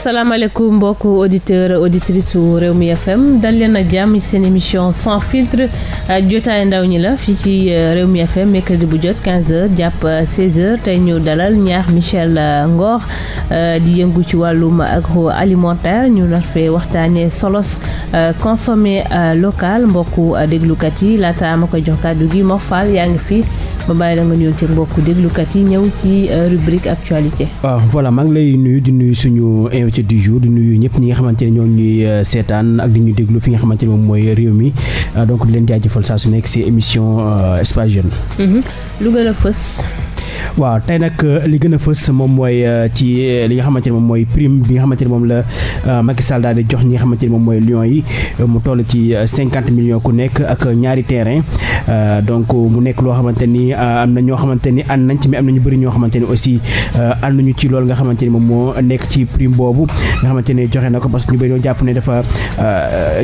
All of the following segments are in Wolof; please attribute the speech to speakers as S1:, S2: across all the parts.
S1: salaamaaleykum mbokk auditeur auditrice su réew mi FM dal leen ak jàmm seen émission sans filtre jotaay ndaw ñi la fii ci euh, réew mi FM mercredi bu jot 15 jàpp 16 euh, tey ñu dalal ñaax Michel euh, Ngor di yëngu ci wàllum agroalimentaire ñu nar fee waxtaanee solos consommer local mbokku déglukat yi laata ma koy jox kàddu gi Mor Fall yaa ngi fi. ba bàyyi la nga ñëw ci mbokku déglukat yi ñëw ci rubrique actualité.
S2: waaw ah, voilà lay nuyu di nuyu suñu invité du jour di nuyu ñëpp ñi nga xamante ne ñoo euh, seetaan ak di ñu déglu fi nga xamante ne moom mooy réew mi euh, donc di leen jaajëfal saa su nekk si émission euh, Espace Jeune.
S1: Mm-hmm. lu gën a fës.
S2: waaw tey nag euh, li gën a fës moom mooy euh, ci euh, li nga xamante ne moom mooy prime bi nga xamante ne moom la Macky Sall jox ñi nga xamante ne moom mooy Lions yi mu toll ci cinquante millions ku nekk ak ñaari terrain donc mu nekk loo xamante nii am na ñoo xamante ni ànd nañ ci mais am na ñu bëri ñoo xamante ni aussi ànduñu ci lool nga xamante ni moom moo nekk ci prime boobu nga xamante ne joxe na ko parce que ñu bëri ñoo jàpp ne dafa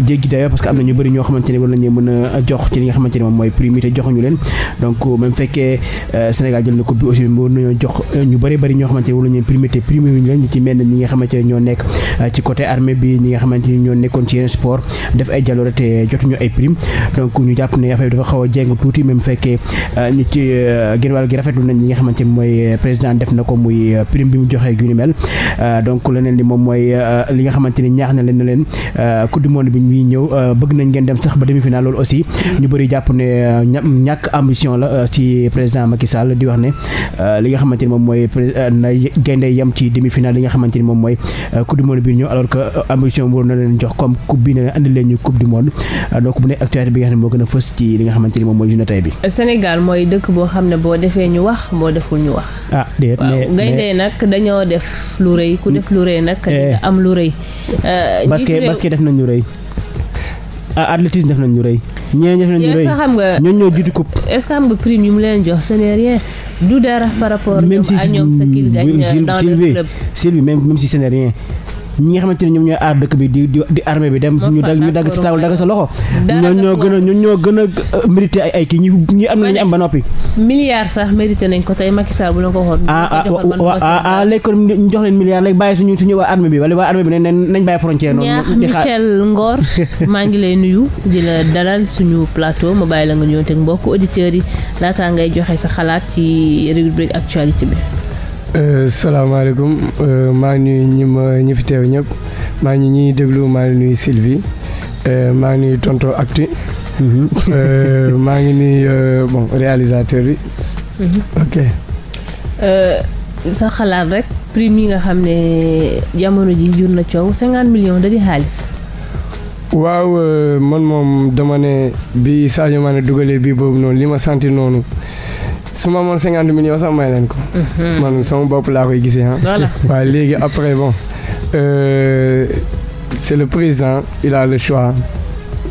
S2: jéggi dayoo parce que am na ñu bëri ñoo xamante ni war nañu mën a jox ci li nga xamante ni moom mooy prime yi te joxuñu leen donc même fekkee Sénégal jël na ko bi aussi war nañoo jox euh, ñu bari bëri ñoo xamante ne wala ñu primé te primé ne ñoo nekk euh, ci côté armée bi ñi nga xamante ne ñoo nekkoon ci yeneen ay jaloore te ay prime donc ñu jàpp ne affaire dafa xaw a jéng tuuti même fekkee ñu ci gën wàll gi rafetlu nañ ñi nga xamante ne mooy euh, président def na ko muy prime bi mu joxee gu ni donc leneen li moom mooy li nga xamante ni ñaax na leen na leen coupe du monde bi ñuy ñëw bëgg nañ ngeen dem sax ba demi final loolu aussi mm. ñu bëri jàpp ne ñàkk ambition la ci président Macky Sall di wax ne Euh, li nga xamante ni moom mooy euh, na gaynde yam ci demi-finale li nga xamante ni moom mooy euh, coupe du monde bi ñëw alors que ambition waroon na leen jox comme coupe bi ne andi leen ñu coupe du monde donc bu nekk actualité bi nga xam ne moo gën a fës ci li nga xamante ni moom mooy journée bi.
S1: Sénégal mooy dëkk boo xam ne boo defee ñu wax
S2: moo deful ñu wax. ah déet mais nag
S1: dañoo def lu rëy ku def lu rëy nag. Eh. am lu rëy. parce que parce def nañ lu rëy. Ah, athlétisme def nañ lu rëy. ñeneen def nañ lu rëy ñooñu ñoo jiitu coupe. est ce que xam nga prime yu mu leen jox ce n'est rien
S2: du dara par rapport. ñoom ak ñoom ce qu'ils gagnent dans le club même si Sylvie même si ce ñi nga xamante ne ñoom ñooy aar dëkk bi di di armée bi dem ñu dag ñu dagg sa taabal dagg sa loxo ñoo ñoo gën a ñoo ñoo gën a mérité ay ay kii ñu ñu am nañu am ba noppi
S1: milliards sax mérité nañ ko tey Macky Sall bu la ko waxoon ah, ah, ah, ah
S2: léegi kon ñu jox leen milliards léegi bàyyi suñu suñu waa armée bi wala waa armée bi ne nañ bàyyi frontière noonu ñaax Michel
S1: Ngor maa ngi lay nuyu di dalal suñu plateau ma bàyyi la nga ñëw teg mbokk auditeur yi laataa ngay joxe sa xalaat ci rubrique actualité bi
S3: Euh, salaamaaleykum euh, maa ngi nuyu ñi ma ñi fi teew ñëpp maa ngi ñuy déglu maa ngi nuyu Sylvie euh, maa ngi nuyu tonto Actu mhm. maa ngi nuyu bon réalisateur bi. Mhm. ok.
S1: sa xalaat rek prime nga xam ne jamono ji jur na coow cinquante millions da di xaalis.
S3: waaw man moom dama ne bi Sadio Mané dugalee bii boobu noonu li ma santi noonu. su ma amoon cinquante millions sax may leen ko. Mhm. man sama bopp laa koy gisee ah. voilà waaye léegi après bon euh, c' est le président il a choix.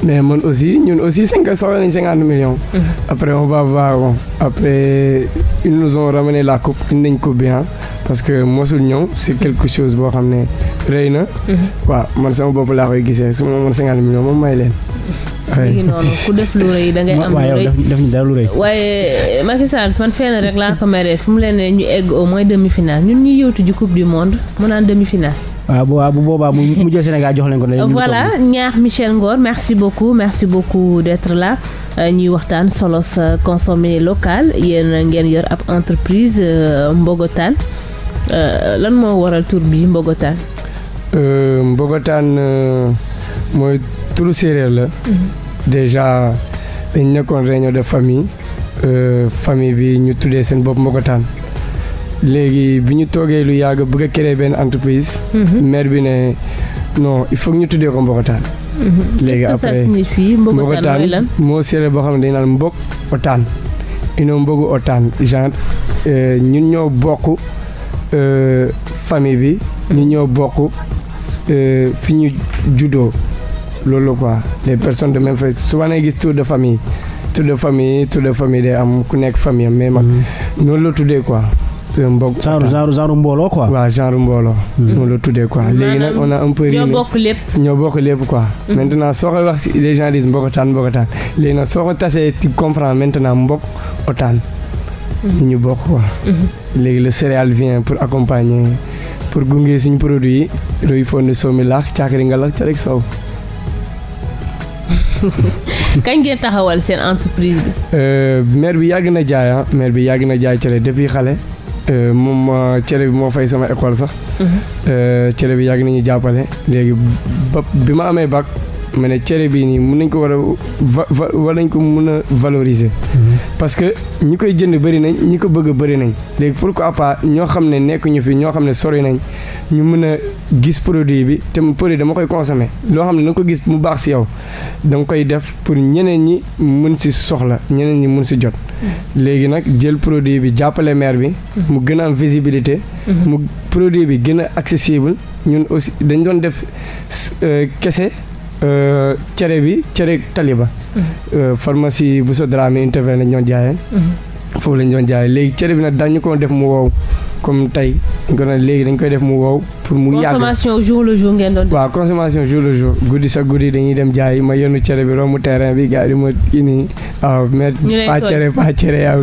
S3: mais man aussi ñun aussi cinq soxla nañ cinquante millions. Mhm. après on va voir bon après ils nous ont la coupe nañ ko bien ah. parce que mosul ñëw c' est quelque chose boo xam ne rëy na. Mhm. waaw man sama bopp laa koy gisee su ma amoon cinquante millions moom may léegi
S1: noonu ku def lu rëy da ngay am lu rëy
S2: def ñu dara lu rëy
S1: waaye Macky Sall man rek laa ko meree fu mu leen ne ñu egg au moins demi final ñun ñuy yëwtu ji coupe du monde mu naan demi final
S2: waaw ah, bu ah, bu boobaa mu mu jël Sénégal jox leen ko. voilà
S1: ñaax Michel Ngor merci beaucoup merci beaucoup d'être là euh, ñuy waxtaan solo sa consommer local yéen ngeen yor ab entreprise euh, Mbogotaan euh, lan moo waral tur bi Mbogotaan.
S3: Mbogotaan mooy. turu séeréer la mhm. déjà dañ nekkoon réunion de famille euh, famille bi ñu tuddee seen bopp Mbokotaan léegi bi ñu toogee lu yàgg bëgg a benn entreprise mhm. maire bi ne non il faut ñu tuddee ko Mbokotaan
S1: mhm. léegi après Mbokotaan
S3: moo séeréer boo xam ne dañ naan mbok otaan inoo mbogu otaan genre euh, ñun ñoo bokk euh, famille bi ñu ñoo bokk fi ñu juddoo loolu la quoi les personnes de même famille souvent gis tour de famille tour de famille de am ku nekk famille am mais man mm-hmm. noonu la tuddee quoi mbokk genre genre genre mbooloo quoi. waaw genre mbooloo. moom mm-hmm. la tuddee quoi léegi nag on a un peu. rimé ñoo bokk lépp. ñoo bokk lépp quoi. Mm-hmm. maintenant soo ko wax les gens disent mbokkotaan mbokkotaan léegi nag soo ko tasee tu comprends maintenant mbokk otaan. ñu bokk quoi. léegi le céréale vient pour accompagner pour gunge suñu produit yi. roy fonde soomi laax caakiri nga laax ca rek
S1: kañ ngeen taxawal seen entreprise bi.
S3: Euh, maire bi yàgg na jaaya ah. maire bi yàgg na jaay cere depuis xale. Euh, moom euh, cere bi moo fay sama école sax. Mhm. cere bi yàgg nañu jàppale léegi bi ma amee bac. ma ne cere bii nii mun nañ ko war a va war nañ ko mun a valoriser. Mhm. parce que ñi koy jënd bëri nañ ñi ko bëgg bëri nañ. léegi pour pourquoi pas ñoo xam ne nekkuñu fi ñoo xam ne sori nañ ñu mën a gis produit bi te mu produit dama koy consommer loo xam ne na ko gis mu baax si yow da nga koy def pour ñeneen ñi mën si soxla ñeneen ñi mun si jot. Mhm. léegi nag jël produit bi jàppale maire bi. Mhm. mu gën a am visibilité. mu produit bi gën a accessible ñun aussi dañ doon def euh, kese. Euh, cere bi cere taliba mm-hmm. euh, pharmacie Bousso Dramé intervient lañ doon jaayee mm-hmm. foofu lañ doon jaayee léegi cere bi nag dañ koo def mu wow comme tey kon léegi dañ koy def mu wow pour mu yàgg
S1: consommation jour le jour ngeen doon
S3: waaw consommation jour le jour guddi sa guddi dañuy dem jaay ma yónnu cere bi romb terrain bi gars yi di ma ini waaw mais pas cere pas cere a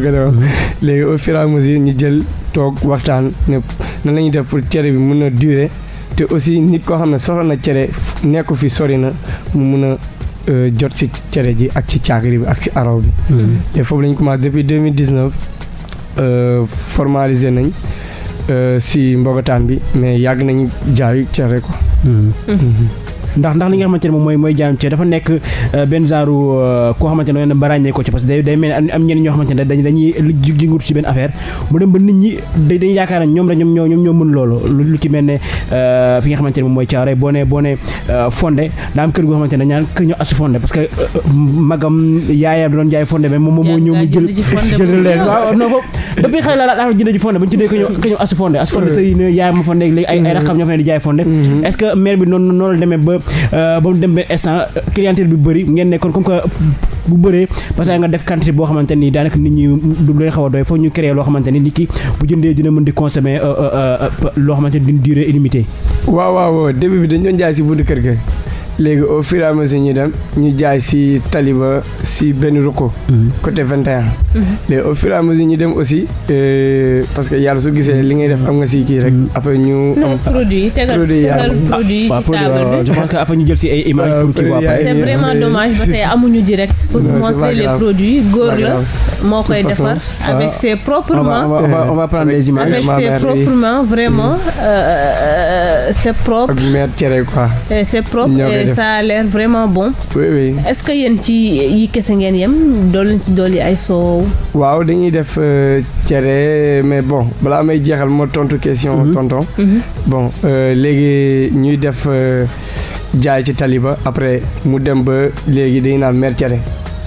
S3: léegi au fur ñu jël toog waxtaan ne nan la def pour cere bi mun na durer te aussi nit koo xam ne soxla na cere nekku fi sori na mu mun a euh, jot ci cere ji ak ci caakiri bi ak ci araw bi. Mm-hmm. te foofu lañ commencé depuis 2019 euh, formalisé nañ euh, si mbogotaan bi mais yàgg nañ jaayu cere
S4: ko.
S2: ndax ndax li nga xamante ne moom mooy jaam ci dafa nekk euh, benn genre euh, koo xamante noonu la demee Euh, ba mu dem benn instant clientèle bi bëri ngeen ne kon comme que bu bëree parce que nga def quantité boo xamante ni daanaka nit ñi du leen xaw a doy foog ñu créer loo xamante ni nit ki bu jëndee dina mën di consommer euh, euh, loo xamante ni d'une durée illimitée. waaw waaw début bi dañu doon jaay si buntu kër ga. léegi au fur et à mesure ñu dem ñu jaay si taliba
S3: si benn ruq. Mhm. côté 21. léegi mhm. au fur et à mesure ñu dem aussi euh, parce que yàlla su gisee li ngay def am nga si kii rek mhm. après ñu. am
S1: produit tegal tegal
S2: produit ah, je pense que après ñu jël si ay images pour kii quoi. c'est vraiment dommage ba tey
S1: amuñu direct. pour góor la moo koy defar. avec ses propres vraiment c'est propre. ak
S3: mère Thierry quoi.
S1: def ça a vraiment bon. oui est-ce que yenn ci yi kese ngeen yem dool leen ci dool yi ay soow.
S3: waaw dañuy def euh, cere mais bon balaa may jeexal ma tontu question. Mhm. tonton mhm. bon euh, léegi ñuy def euh, jaay ci taliba après mu dem ba léegi dañu naan mer cere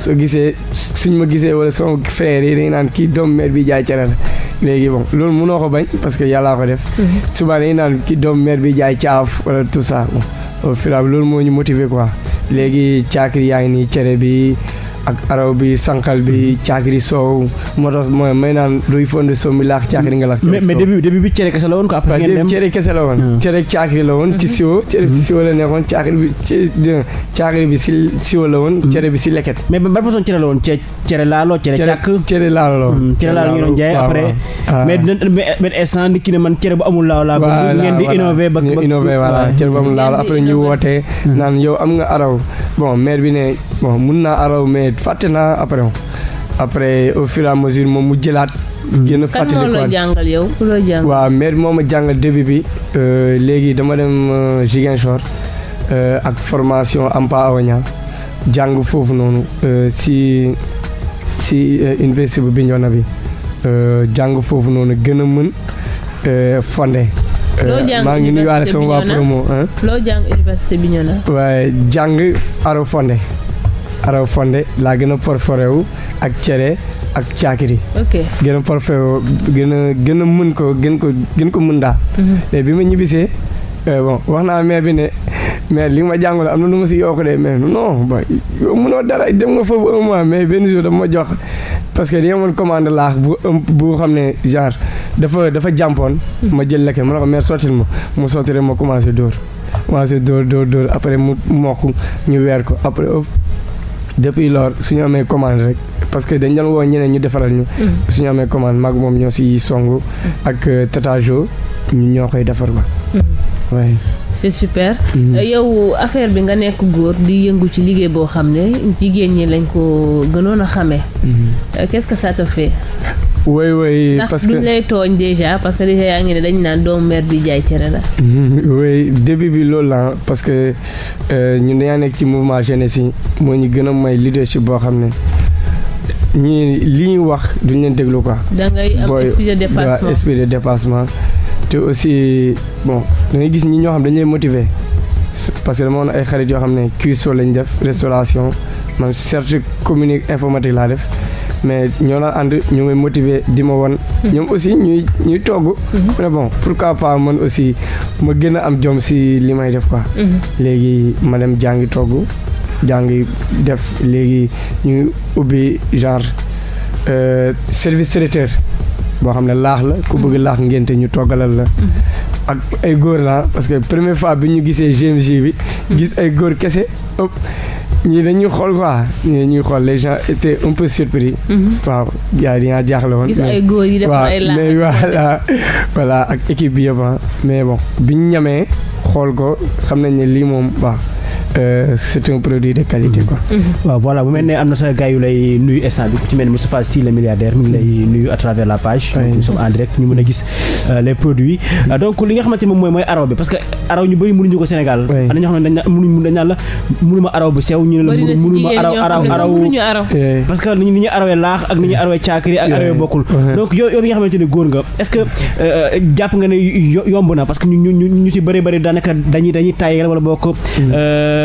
S3: soo gisee suñ ma gisee wala sama frère yi dañu naan kii doom mer bi jaay cere la. léegi bon loolu mënoo ko bañ parce que yàllaa ko def. Mhm. suba dañuy naan ki doom mère bi jaay caaf wala tout ça. au loolu moo ñu motiver quoi léegi caakiri yaa ngi cere bi. ak araw bi sànqal bi mhm. caakiri soow moo tax mooy may naan luy fonde soow mi laax caakiri nga laax mais début début bi cere kese la woon ko après ngeen dem cere kese la woon ah. cere caakiri la woon ci mhm. siwo cere bi mhm. siwo la nekkoon caakiri bi caakiri bi si siwo la woon cere bi si leket
S2: mais ban façon cere la woon cere laalo cere càkk cere laalo la woon hmm, cere laalo ngeen doon jaay après mais benn instant di kii ne man cere bu amul laalo laa bëgg ngeen di innové ba innové voilà
S4: cere bu amul laalo après ñu
S3: wootee naan yow am nga araw bon maire bi ne bon mun naa araw mais fàtte naa après après au fur et moom mu jëlaat. Mm. génn a kan moo la jàngal
S1: yow ku la jàngal. waaw
S3: maire moo ma jàngal début bi euh, léegi dama dem euh, Ziguinchor euh, ak formation Ampa Awaña jàng foofu noonu si si université bu Bignona bi jàng foofu noonu gën a mën fonde maa ngi nuyuwaale sama waa promo.
S1: loo jàng université Bignona.
S3: waaye jàng aro fondé. araw fonde laa gën a parfore wu ak cere ak caakiri gën a parfore gën a gën a mën ko gën ko gën ko mën daa te mhm. bi ma ñibbisee euh, bon wax naa mère bi ne mais li ma jàngal am na nu ma si yokk de mais non ba mënoo dara dem nga foofu un mois mais benn jour dama ma jox parce que dañoo mën commande laax bu um, bu xam ne genre dafa dafa jàmpoon. ma jël lekk ma ne ko mère sottil ma mu sotti ma commencé dóor commencé dóor dóor dóor après mu mokk ñu weer ko après depuis lors su ñu amee commande rek parce que dañ doon woo ñeneen ñu defaral ñu. Mm-hmm. su ñu amee commande mag moom ñoo si songu. Mm-hmm. ak euh, tatajo ñoo koy defar ba. waaye. Mm-hmm.
S1: c'est super. Euh, yow affaire bi nga nekk góor di yëngu ci liggéey boo xam ne jigéen ñi lañ ko gënoon a xamee.
S3: Euh,
S1: qu'est-ce que ça te fait.
S3: oui oui parce que ndax duñ lay
S1: tooñ déjà parce que déjà yaa ngi ne dañu naan doomu mère bi jaay cere la.
S3: oui début bi loolu la parce que euh, ñun dañaa nekk ci mouvement jeunesse yi moo ñi gën a may leadership boo xam ne ñii li ñuy wax duñ leen déglu quoi. da
S4: ngay am esprit
S3: de dépassement te aussi bon da gis ñi ñoo xam dañu lay motiver parce que dama woon ay xarit yoo xam ne cuistot lañ def restauration man certes communique informatique laa def. mais ñoo la ànd ñu may motiver di ma wan ñoom aussi ñuy ñuy togg mais bon pourquoi pas man aussi ma gën a am jom si li may def ko mhm. léegi ma dem jàngi togg jàngi def léegi ñu ubbi genre euh, service traiteur boo xam ne laax la ku bëgg laax ngénte ñu toggalal la mhm. ak ay góor la parce que première fois bi ñu gisee GMG bi gis ay góor kese ñi dañuy xool quoi ñii dañuy xool les gens un peu surpris. Mhm. waaw yaa dañaa jaaxle woon. yi def ay laaj mais voilà voilà ak équipe bi yëpp ah. mais bon biñ ñamee xool ko
S2: xam nañ ne lii moom baax. Euh, c'est un produit de qualité quoi. Mm-hmm. Mm-hmm. waaw voilà bu mel ne am na sa gars nuyu instant bi ci mel ne Moustapha Sy le milliardaire mi ngi lay mm-hmm. nuyu à la page. nous sommes en direct ñu mën a gis euh, les produits. Euh, donc li nga xamante ne moom mooy mooy araw bi parce que araw araw bu sew ñu ne la mënuma araw araw araw parce que ni ñu arawee laax ak ni ñu arawee caakiri ak arawee bokkul. donc yow yow mi nga xamante ne góor nga est jàpp nga ne yomb na parce que ñu ñu ñu ci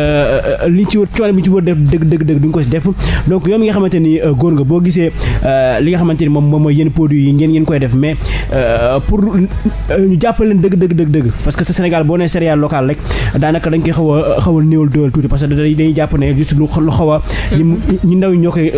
S2: Euh, li ci wër coono bi ci wër def dëgg dëgg dëgg duñ ko si def donc yow mi nga xamante ni euh, góor nga boo gisee euh, li nga xamante ni moom moom mooy yéen produit yi ngeen ngeen koy def mais pour ñu jàppale leen dëgg dëgg dëgg dëgg parce que sa Sénégal boo nee céréale locale rek daanaka dañ koy xaw a xaw a néewal doole tuuti parce que dañuy jàpp ne juste lu xaw a ñu ndaw ñoo koy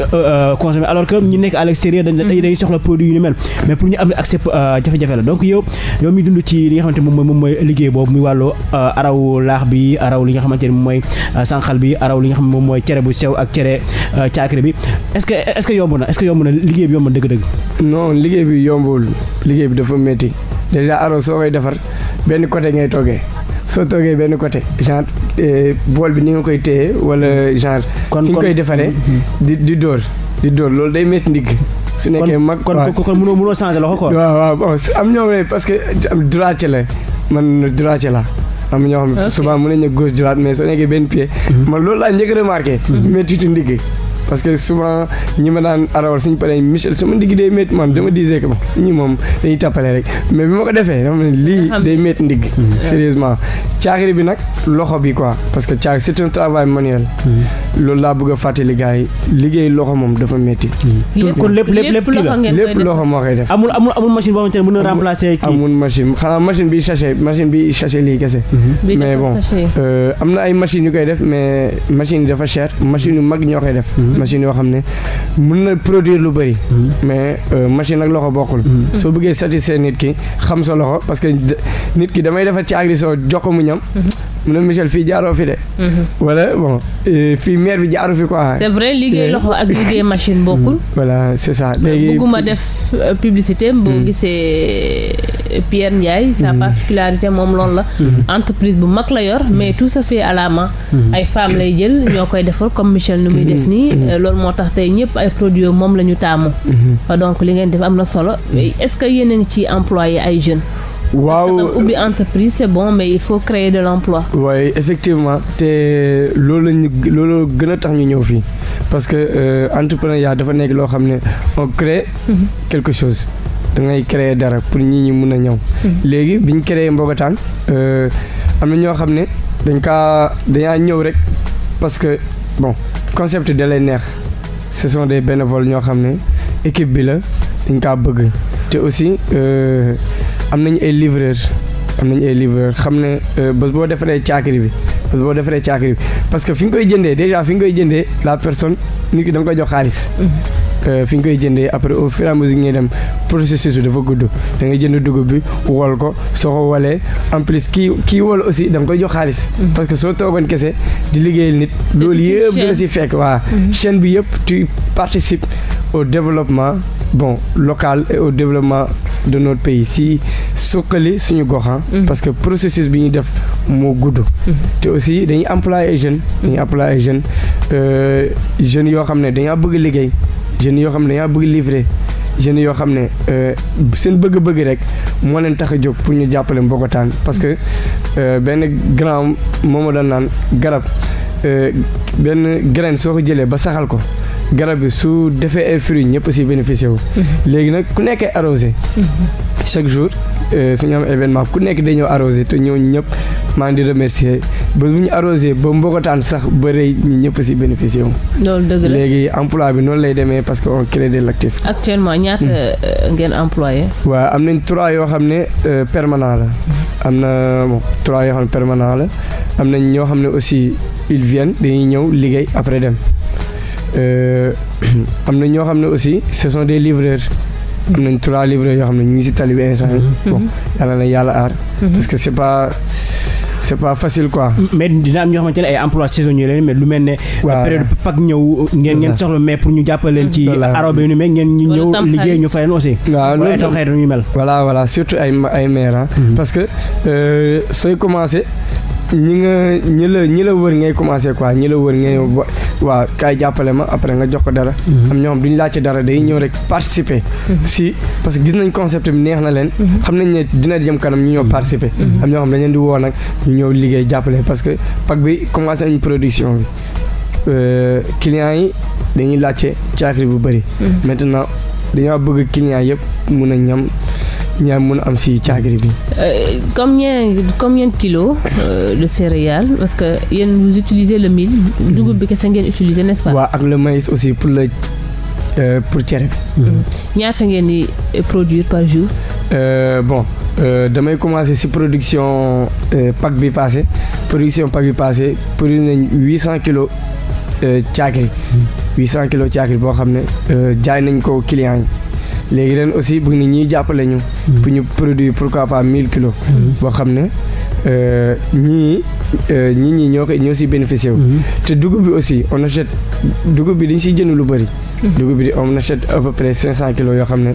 S2: consommer alors que ñu nekk à l'extérieur dañuy soxla produit yu ni mel mais pour ñu am accès jafe-jafe la donc yow yow mi dund ci li nga xamante ni moom mooy liggéey boobu muy wàllu araw laax bi araw li nga xamante ni moom mooy Euh, sànqal bi araw li nga xam ne moom mooy cere bu sew ak cere euh, caakri bi est-ce que est-ce que yomb na est-ce que yomb na liggéey bi yomb na dëgg-dëgg.
S3: non liggéey bi yombul liggéey bi dafa métti déjà araw soo koy defar benn côté ngay toggee soo toggee benn côté genre euh, bool bi ni nga koy téye wala genre. kon fi nga defaree mm-hmm. di di dóor di dóor loolu day métti ndigg su nekkee mag kon kon kon mënoo mënoo changer loxo quoi. waaw waaw bon am ñoo parce que droitier la man droitier la am ñoo xam ne souvent mën nañu góos juraat mais soo benn pied. Mhm. man loolu laa njëkk remarqué. Mhm. métti tu ndigg. parce que souvent ñi ma daan arawal suñu paree Michel sama ndigg day métti man dama disais que ñi ñu dañuy rek mais bi ma ko defee dama day métti ndigg mm-hmm. sérieusement caakiri bi nag loxo bi quoi parce que caakiri c'est un travail manuel mm-hmm. loolu laa bëgg fàttali gars yi liggéey loxo moom dafa métti kon mm-hmm. lépp lépp lépp lépp loxo moo koy def amul amul amul machine boo xamante ne mën na remplacer kii machine bi sachet machine bi sachet lii kese mais bon euh, am na ay machines yu koy def mais machine yi dafa machine yu mag ñoo koy def Mm-hmm. machine yoo xam ne mun na produire lu bëri mm-hmm. mais euh, machine ak loxo bokkul mm-hmm. soo bëggee satisfaire nit ki xam sa loxo parce que nit ki damay defar caagri soo jox ko mu ñam mu ne Michel fii jaaroo fi de. Mhm. wala euh, fii maire bi jaaroo fi quoi. c'est vrai liggéey loxo ak liggéey machine
S1: mm. bokkul. voilà
S3: c'est ça bëgguma def
S1: euh, publicité boo mm. gisee. Euh, Pierre Ndiaye sa mm. particularité moom loolu la entreprise bu mag la yor mais tout se fait à la main ay femmes lay jël ñoo koy defar comme Michel nu muy def nii loolu moo tax tey ñëpp ay produits moom la ñu taamu mm-hmm. donc li ngeen def am na solo est-ce que yéen a ngi ci employé ay jeunes waaw parce que ubbi entreprise c'est bon mais il faut créer de l'emploi.
S3: waaye effectivement te loolu la ñu loolu gën a tax ñu ñëw fii parce que euh, entrepreneuriat dafa nekk loo xam ne on crée mhm. quelque chose. da ngay créer dara pour ñi ñi mun a ñëw. Mhm. léegi bi ñu créé Mbogotaan euh, am na ñoo xam ne dañ kaa dañaa ñëw rek parce que bon concept de la neex ce sont des bénévoles ñoo xam ne équipe bi la dañ kaa bëgg te aussi. Euh, am nañu ay livreur am nañu ay livreur xam ne euh, bés boo defaree caakiri bi bés boo defaree caakiri bi parce que fi nga koy jëndee déjà fi nga koy jëndee la personne nit ki da koy jox xaalis. Mm-hmm. Euh, fi nga koy jëndee après au fur et à mesure ngay dem processus bi dafa gudd da ngay jënd dugub bi wol ko soo ko walee en plus kii kii wol aussi da koy jox xaalis. Mm-hmm. parce que soo toogoon kese di liggéeyal nit. loolu yëpp dina si fekk waa mm-hmm. chaîne bi yëpp tu participes au développement bon local et au développement. de notre pays si suqali suñu goxan ah. mm-hmm. parce que processus bi ñuy def moo gudd mm-hmm. te aussi dañuy employé ay jeunes dañuy employé ay jeunes euh, jeunes yoo xam ne dañaa bëgg liggéey jeunes yoo xam ne dañaa bëgg livrer jeunes yoo xam ne euh, seen bëgg-bëgg rek moo leen tax a jóg pour ñu jàppale Mbogotaan parce que euh, benn grand moo ma doon naan garab benn graine soo ko jëlee ba saxal ko garab bi su defee ay frie ñëpp si bénéficié wu. Mhm. léegi nag ku nekkee arosé mhm. chaque jour euh, su ñu événement ku nekk day ñëw arrosé te ñooñu ñëpp maa ngi di remercier ba bu ñu arrosé ba mbokkataan sax ba rëy ñi ñëpp si bénéficié wu.
S4: loolu dëgg léegi
S3: emploi bi noonu lay demee parce que on crée des actifs.
S1: actuellement ñaata mhm. euh, ngeen employé.
S3: waaw am nañ trois yoo xam ne euh, permanant la. am na bon trois yoo xam ne permanent la am nañ ñoo xam ne aussi ils dañuy ñëw liggéey après dem. Euh, am na ñoo xam ne aussi saison sont des livreurs am nañ trois livreurs yoo xam ne ñu ngi si
S2: tali bi instant mhm. bon mhm. yàlla na yàlla aar mhm. parce que c'est pas c'est pas facile quoi. mais dina am ñoo xamante ne ay emploi saisonnier leen mais lu mel ne. période Pâques ñëw ngeen ngeen soxla mais pour ñu jàppale leen ci. arobe yu ni mel ngeen ñu ñëw liggéey ñu fay leen aussi. waaw loolu tam xëy ñu mel.
S3: voilà voilà surtout ay ay maire parce que euh, sooy commencé. ñi nga ñi la ñi la wër ngay commencé quoi ñi la wër ngay waa kaay jàppale ma après nga jox ko dara. Mhm. am ñoo xam duñ laajte dara day ñëw rek participer. Mhm. si parce que gis nañ concept bi neex na leen. Mhm. xam nañ ne dina jëm kanam ñu ñëw participer. am ñoo xam dañ leen di woo nag ñu ñëw liggéey jàppale parce que pack bi commencé nañ production bi euh, clients yi dañuy laajte caakiri bu bëri. maintenant dañoo bëgg client yëpp mun a ñam. ñaar mën a am si caagiri bi.
S1: combien combien de kilos euh, de céréales parce que yéen vous utilisez le mil. dugub bi kese ngeen utiliser n'est-ce
S3: ak le maïs aussi pour le euh, pour cere bi. Mm.
S1: ñaata ngeen di produire par jour.
S3: Euh, bon damay commencer si production pack bi passé production pack bi passé produit nañ huit cent kilos caakiri. Mm. huit cent kilos caakiri boo xam ne jaay nañ ko client yi. léegi ren aussi bugg na ñuy jàppalee ñu. Hmm. pour ñu produire pourquoi pas 1000 kilos. Hmm. boo xam ne euh, ñii euh, ñii ñii ñoo koy ñoo siy bénéficié wu. Hmm. te dugub bi aussi on achète dugub bi dañ siy jënd lu bëri. dugub bi on achète à peu près 500 kilos yoo xam ne.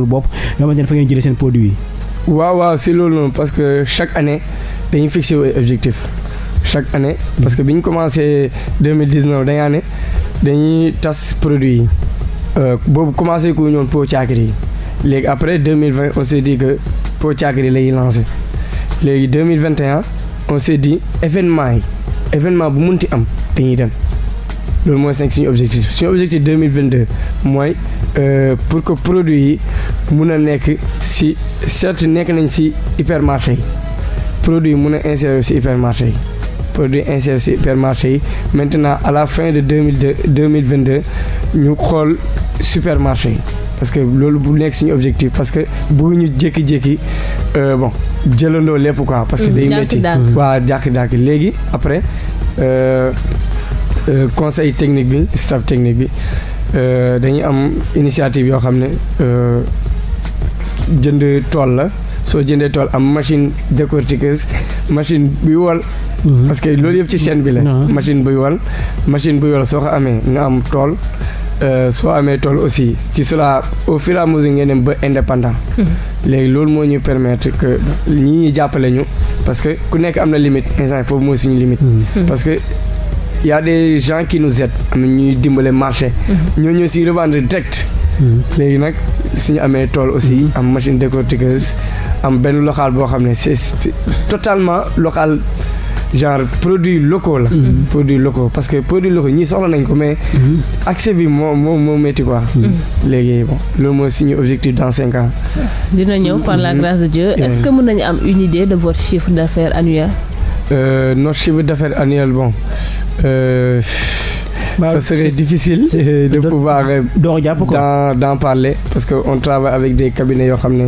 S2: école bopp nga xamante ne fa ngeen jëlee seen produit yi.
S3: waaw waaw si loolu noonu parce que chaque année dañuy fixé ay objectif chaque année parce que bi ñu commencé 2019 dañuy tas produit yi euh, boobu commencé ku ñoon Po Caakiri yi léegi après 2020 on s'est dit que Po Caakiri yi lay lancé léegi 2021 on s'est dit événement yi événement bu munti am dañuy dem loolu mooy cinq suñu objectif suñu objectif mooy euh, pour que produit mun a nekk si certes nekk nañ si hypermarché yi produit mun a insérer si hypermarché yi produit inséré si hypermarché yi maintenant à la fin de deux mille deux deux mille vingt deux ñu xool supermarché yi parce que loolu bu nekk suñu objectif parce que bu ñu jékki-jékki euh, bon jëlandoo lépp quoi. parce que mm, day métti waa jàkki-jàkki léegi après euh, euh, conseil technique bi staff technique bi dañuy am initiative yoo xam ne. jënd tool la soo jëndee tool am machine décortiqueuse machine buy wal mhm. parce que loolu yëpp ci chaîne bi la machine buy wal machine buy wal soo ko amee nga am tool euh, soo amee tool aussi ci cela au fur et à mesure dem ba indépendant mhm. léegi loolu moo ñuy permettre que ñi ñuy jàppale ñu parce que ku nekk am na limite instant foofu mooy suñu limite mhm. parce que y a des gens qui nous am na ñuy dimbale marché ñoo ñoo si revendre direct léegi nag suñu amee tool aussi hmm. am machine décortiqueuse am benn local boo xam ne c'est totalement local genre produit locaux la. Hmm. produit locaux parce que produit locaux ñii soxla nañ ko mais. Hmm. accès bi moo moo moo métti quoi. léegi loolu mooy suñu objectif dans cinq ans.
S1: dina ñëw par la grâce de Dieu. est que mën nañu am une idée de votre chiffre d'affaires annuel.
S3: Euh, notre chiffre d'affaires annuel bon. Euh, bah, ça serait difficile de, de pouvoir euh, d'en parler parce que on travaille avec des cabinets yoo xam ne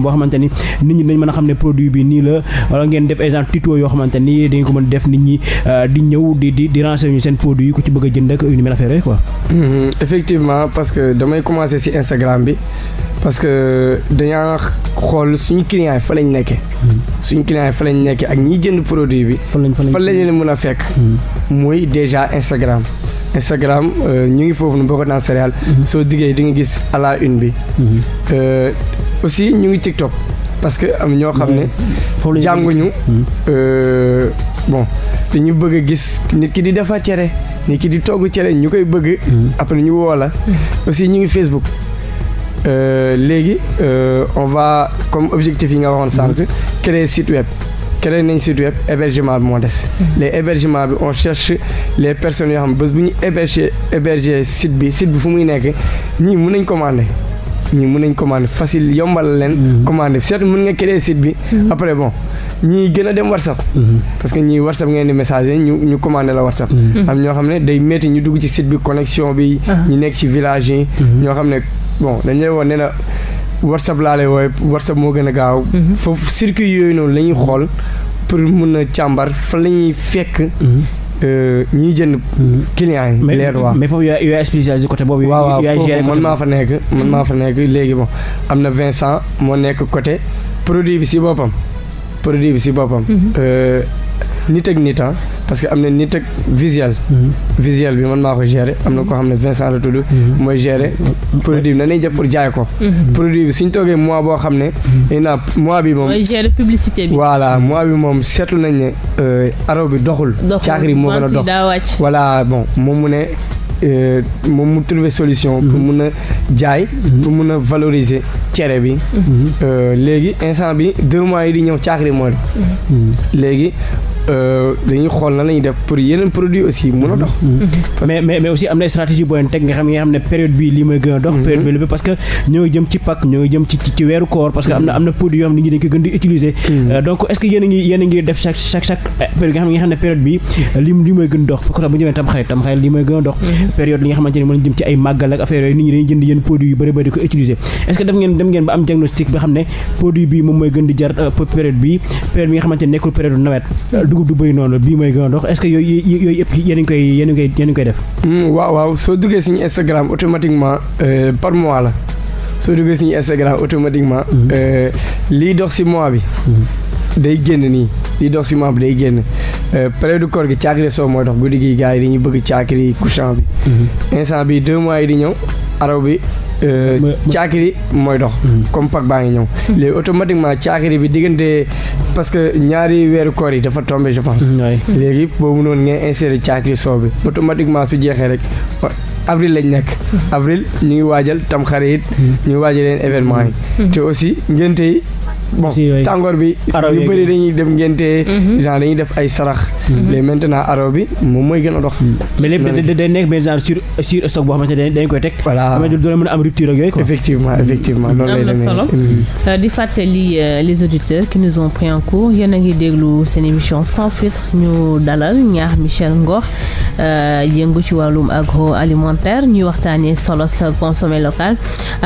S2: boo xamante ni nit ñi dañ mën a xam ne produit bi nii la wala ngeen def exemple tuto yoo xamante ni dañ ko mën def nit ñi euh, di ñëw di di di renseigner seen produit yi ku ci bëgg a jënd ak une mel affaire mm-hmm.
S3: effectivement parce que damay commencer ci Instagram bi parce que dañaa xool suñu client yi fa lañ nekkee. Mm-hmm. suñu client yi fa lañ nekkee ak ñi jënd produit bi. fa lañ fa lañ fa lañ leen mën a fekk. mooy mm-hmm. déjà Instagram. Instagram euh, ñu ngi foofu nu boo ko naan céréale. soo diggee di nga gis à une bi. Euh, aussi ñu ngi TikTok parce que am ñoo xam ne jànguñu hmm. euh, bon ñu bëgg a gis nit ki di defar cere nit ki di togg cere ñu koy bëgg hmm. après ñu woo la aussi ñu ngi Facebook euh, léegi euh, on va comme objectif yi nga waxoon sànq hmm. créer site web créer nañ site web hébergement bi moo des les hébergement bi on cherche les personnes yoo xam bés bu ñu héberger héberger site bi site bi fu muy nekk ñi mun nañ commander ñii mun nañ commander facile yombal leen. Mhm. commander seet mën nga créer site bi. Mhm. après bon ñii gën a dem WhatsApp. Mhm. parce que ñii WhatsApp ngeen ni message ñu ñu commander la WhatsApp. am ñoo xam ne day métti ñu dugg ci site bi connexion bi. Ah. ñu nekk ci village yi. ñoo xam ne bon dañ lay woon nee na WhatsApp laa lay wooye WhatsApp moo gën a gaaw. foofu circuit yooyu noonu la ñuy xool pour mun a càmbar fa la ñuy fekk. Euh, ñiy jënd. client yi. leer waaw mais foofu yooyu yooyu spécialisé côté boobu. waaw waaw man maa fa nekk man maa fa nekk léegi bon am na Vincent moo nekk côté produit bi si boppam produit bi si boppam. Mhm. Euh, nit ak nit ah parce que am na nit ak visuel. Mm-hmm. visuel bi man maa ko am na koo xam ne Vincent la tudd. Mm-hmm. mooy gérer mm-hmm. produit bi na nañ jëf pour jaay ko. produit bi suñ toogee mois boo xam ne. ina mois bi moom mooy gérer
S1: publicité bi.
S3: voilà mois bi moom seetlu nañ ne euh, araw bi doxul. doxul caakiri moo gën a dox voilà bon moom mu euh, moom mu trouver solution. pour mun a jaay. pour mun a valoriser. cere bi. Euh, léegi instant bi deux mois yi di ñëw caakiri moo di. léegi euh, dañuy xool
S2: na la def pour yeneen produit aussi mun a dox. mais mais mais aussi am na stratégie booy a dox. Mhm. période yooyu nit ñi dañuy jënd yenn produit yu bëri bëri ko utiliser est ce que def ngeen dem ngeen ba am diagnostic bi xam ne produit bii moom mooy gën di jar euh, période bii période bi nga xamante ne nekkul période nawet euh, dugub du bëy noonu bii mooy gën a dox est-ce que yooyu yooyu yëpp yéen a ngi koy yéen a ngi koy yéen a ngi koy def
S3: hmm, waaw waaw soo duggee suñu Instagram automatiquement euh, par mois la soo duggee suñu Instagram automatiquement hmm. liy dox si mois bi hmm. day génn nii yi dox si membre day génn eh, période koor gi caakiri soow mooy dox guddi gi gars yi dañuy bëgg caakiri couchant bi mhm. instant bi deux eh, yi di ñëw araw bi caakiri mooy dox mhm. comme pak baa ngi ñëw léegi automatiquement caakiri bi diggante parce que ñaari weeru koor yi dafa tombé je pense mhm, léegi boo mënoon ngay insérer caakiri soow bi automatiquement su jeexee rek avril lañ nekk avril ñu ngi waajal tam xarit ñu ngi waajal leen événement yi te aussi ngénte yi tàngoor bi yu bëri dañuy dem ngénte maye. Mhm. genre dañuy def ay sarax. Mhm. mais
S2: maintenant araw bi moom mooy gën a dox. mais lépp day nekk benn genre sur sur stock boo xamante ne dañ a am mhm.
S1: euh, euh, les auditeurs qui nous ont pris en cours yéen ngi déglu seen émission sans filtre ñu dalal ñaax Michel Ngor euh, yëngu ci wàllum agroalimentaire ñuy waxtaanee solo sa consommer local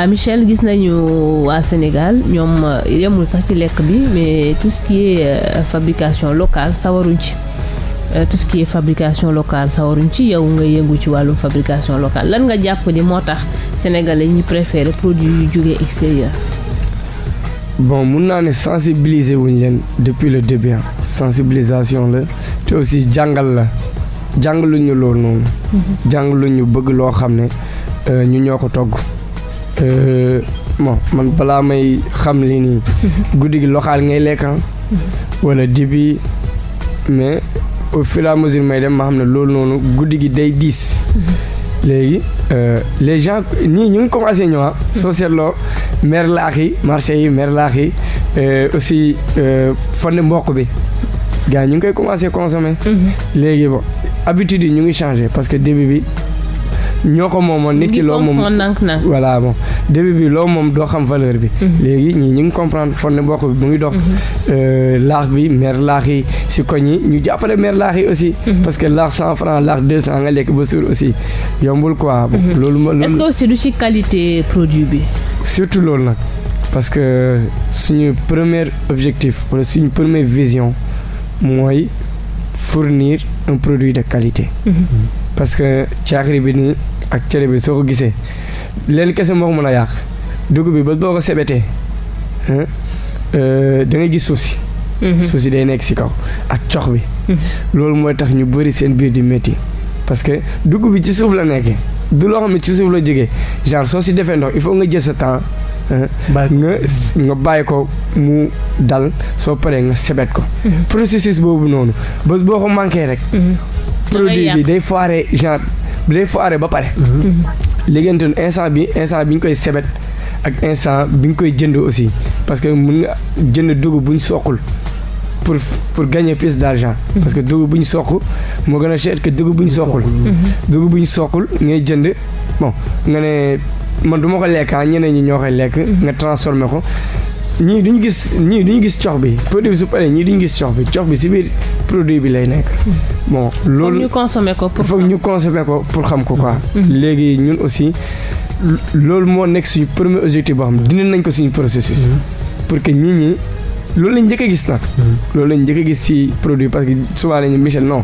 S1: Michel gis nañu waa Sénégal ñoom yemul sax ci lekk bi mais tout ce qui est fabrique fabrication locale sawaruñ ci euh, tout ce qui est fabrication locale sawaruñ ci yow nga yëngu ci wàllu fabrication locale lan nga jàpp ni moo tax sénégalais ñi préféré produit yu jógee extérieur
S3: bon mun naa ne sensibiliser wuñ leen depuis le début sensibilisation la te aussi jàngal la jàngaluñu loolu noonu mm-hmm. jàngaluñu bëgg loo xam ne euh, ñu ñoo ko togg euh, bon man balaa may xam li nii mm-hmm. guddi gi local ngay lekkan wala début mais au fur et à mesure may dem ma xam loolu noonu guddi gi day diis. léegi euh, les gens nii ñu ngi commencé ñëwaat. Ah. soo seetloo mer laax yi marché yi mer laax yi euh, aussi euh, fond mboq bi gars ñu ngi koy commencé consommer. Mhm. léegi bon habitude yi ñu ngi changé parce que début bi ñoo ko nit ki loo moom voilà bon. début bi loo moom doo xam valeur bi. Mhm. léegi ñii ñu ngi comprendre fon ne bokk bi mu ngi dox. Mhm. Euh, laax bi mer laax yi si koñ yi ñu jàppale mer laax yi aussi. Mhm. parce que laax cent franc laax deux cent nga lekk ba suur aussi yombul quoi. loolu ma loolu est-ce
S1: que si qualité produit bi.
S3: surtout loolu nag parce que suñu premier objectif wala suñu première vision mooy fournir un produit de qualité. parce que caaxari bi nii ak cere bi soo ko gisee. leen kese moo ko mën a yàq dugub bi ba boo ko sebetee euh, da ngay gis suuf si. Mhm. suuf si day nekk si kaw ak cox bi. Mhm. loolu mooy tax ñu bëri seen biir di métti parce que dugub bi ci suuf la nekkee du loo xam ne ci suuf la jógee genre soo si defee ndox il faut nga jël sa temps. nga nga bàyyi ko mu dal soo paree nga sebet ko. Mhm. processus boobu noonu ba boo ko manqué rek. produit bi day foiré genre day foiré ba pare. léegantoon instant bi instant bi ñu koy sebet ak instant bi ñu koy jënd aussi parce que mun nga jënd dugub bu ñu soqul pour pour gagner plus d'argent mhm. parce que dugub bu ñu soq moo gën a cher que dugub bu ñu soqul mhm. dugub bu ñu soqul ngay jënd bon nga ne man du ma ko lekk ah ñeneen ñi ñoo koy lekk mhm. nga transformé ko ñii duñu gis ñii duñu gis cox bi produit bi su paree ñii duñu gis cox bi cox bi si biir produit bi lay nekk. bon loolu ñu consommer ko pour. foog ñu consommer ko pour xam ko quoi. Mhm. léegi ñun aussi loolu moo nekk suñu premier objectif boo xam ne dinañ nañ ko suñu processus. Mhm. pour que nit ñi loolu lañ njëkk a gis nag. Mhm. loolu lañ njëkk a gis si produit parce que a ñu Michel non.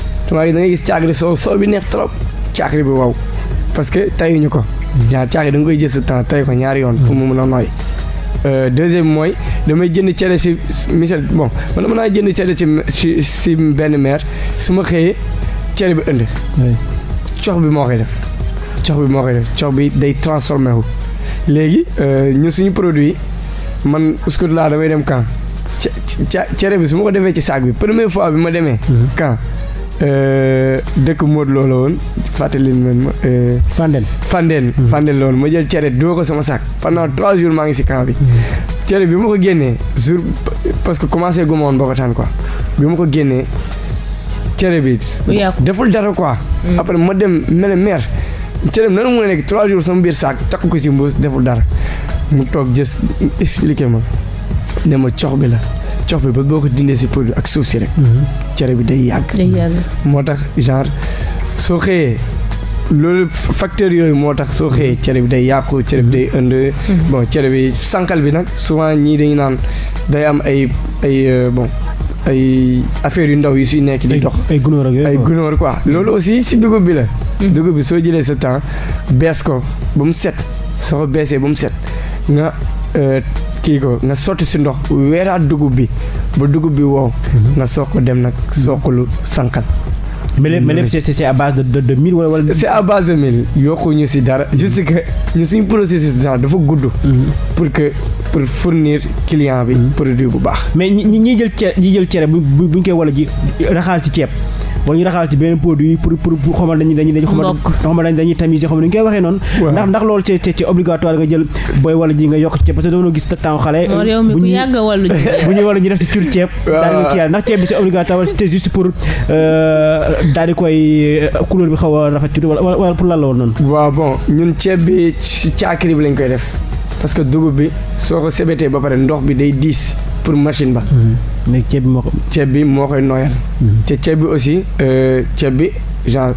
S3: tubaab yi da gis gis caakiri soow soow bi neex trop caakiri bi wow parce que ñu ko ñaar caakiri da nga koy jël sa temps tay ko ñaari yoon pour mu mun a nooy euh, deuxième mooy damay jënd cere si michel bon man mën naa jënd cere ci si si benn maire su ma xëyee cere bi ënd cox bi moo koy def cox bi moo koy def cox bi day transformé wu léegi euh, ñu suñu produit man uskud laa damay dem camp cere bi su ma ko defee ci saag bi première fois bi ma demee mm-hmm. camp Euh, dëkk Modou Lo la woon fàttali leen ma. Fandeen euh, Fandeen. Fandeen hmm. la woon ma jël cere doo ko sama sac pendant trois jours maa ngi si camp bi. Hmm. cere bi ma ko génnee jour parce que commencé gu ma woon Bokatan quoi bi ma ko génnee cere bi. deful dara quoi. Hmm. après ma dem mel maire cere bi nanu mu nekk trois jours sama biir sac takku ko ci mbuus deful dara mu toog jës expliqué ma ne ma cox bi la. cof bi ba boo ko dindee si produit ak suuf si rek. Mhm. cere bi day yàgg. moo tax genre soo xëyee. loolu facteur yooyu moo tax soo xëyee cere bi day yàqu cere bi day mhm. ënd mhm. bon cere bi sànqal bi nag souvent ñii dañ naan day am ay ay euh, bon ay affaires yu ndaw yu si nekk di dox ay gunóor ak ay gunóor loolu aussi si dugub bi la dugub bi soo jëlee sa temps bees ko ba mu set soo beesee ba mu set nga euh, kii ko na sotti si ndox weeraat dugub bi ba dugub bi wow mhm. na soog ko dem nag soog ko lu sànqal
S2: mais lépp mais lépp mhm. c'est c'est à base de de de mil wala wala. c'est à base de mil yokkuñu si dara. Mhm. juste que ñu suñ processus genre gudd. pour que pour fournir client bi. produit bu baax. mais ñi ñi jël cere ñi jël cere bu bu buñ koy wala ji raxaal ci ceeb. wala ñu raxal ci beneen produit pour pour xamal dañuy dañuy dañuy xamal dañuy tamiser xamal dañu koy waxee noonu ndax ndax loolu ci ci obligatoire nga jël booy wala ji nga yokk ci parce que dama gis temps xale bu ñu bu ñu wala ñu def ci cur ceeb daal nga kii ndax ceeb bi c'est obligatoire wala pour euh, daal euh, a rafet ci wala pour lan la woon noonu waaw bon ñun
S3: ceeb bi caakiri bi lañ koy def parce que dugub bi soo ko sebetee ba pare ndox bi day diis pour machine ba. Mhm. mais ceeb bi moo ko. ceeb bi moo koy nooyal. Mhm. te ceeb bi aussi euh, ceeb bi genre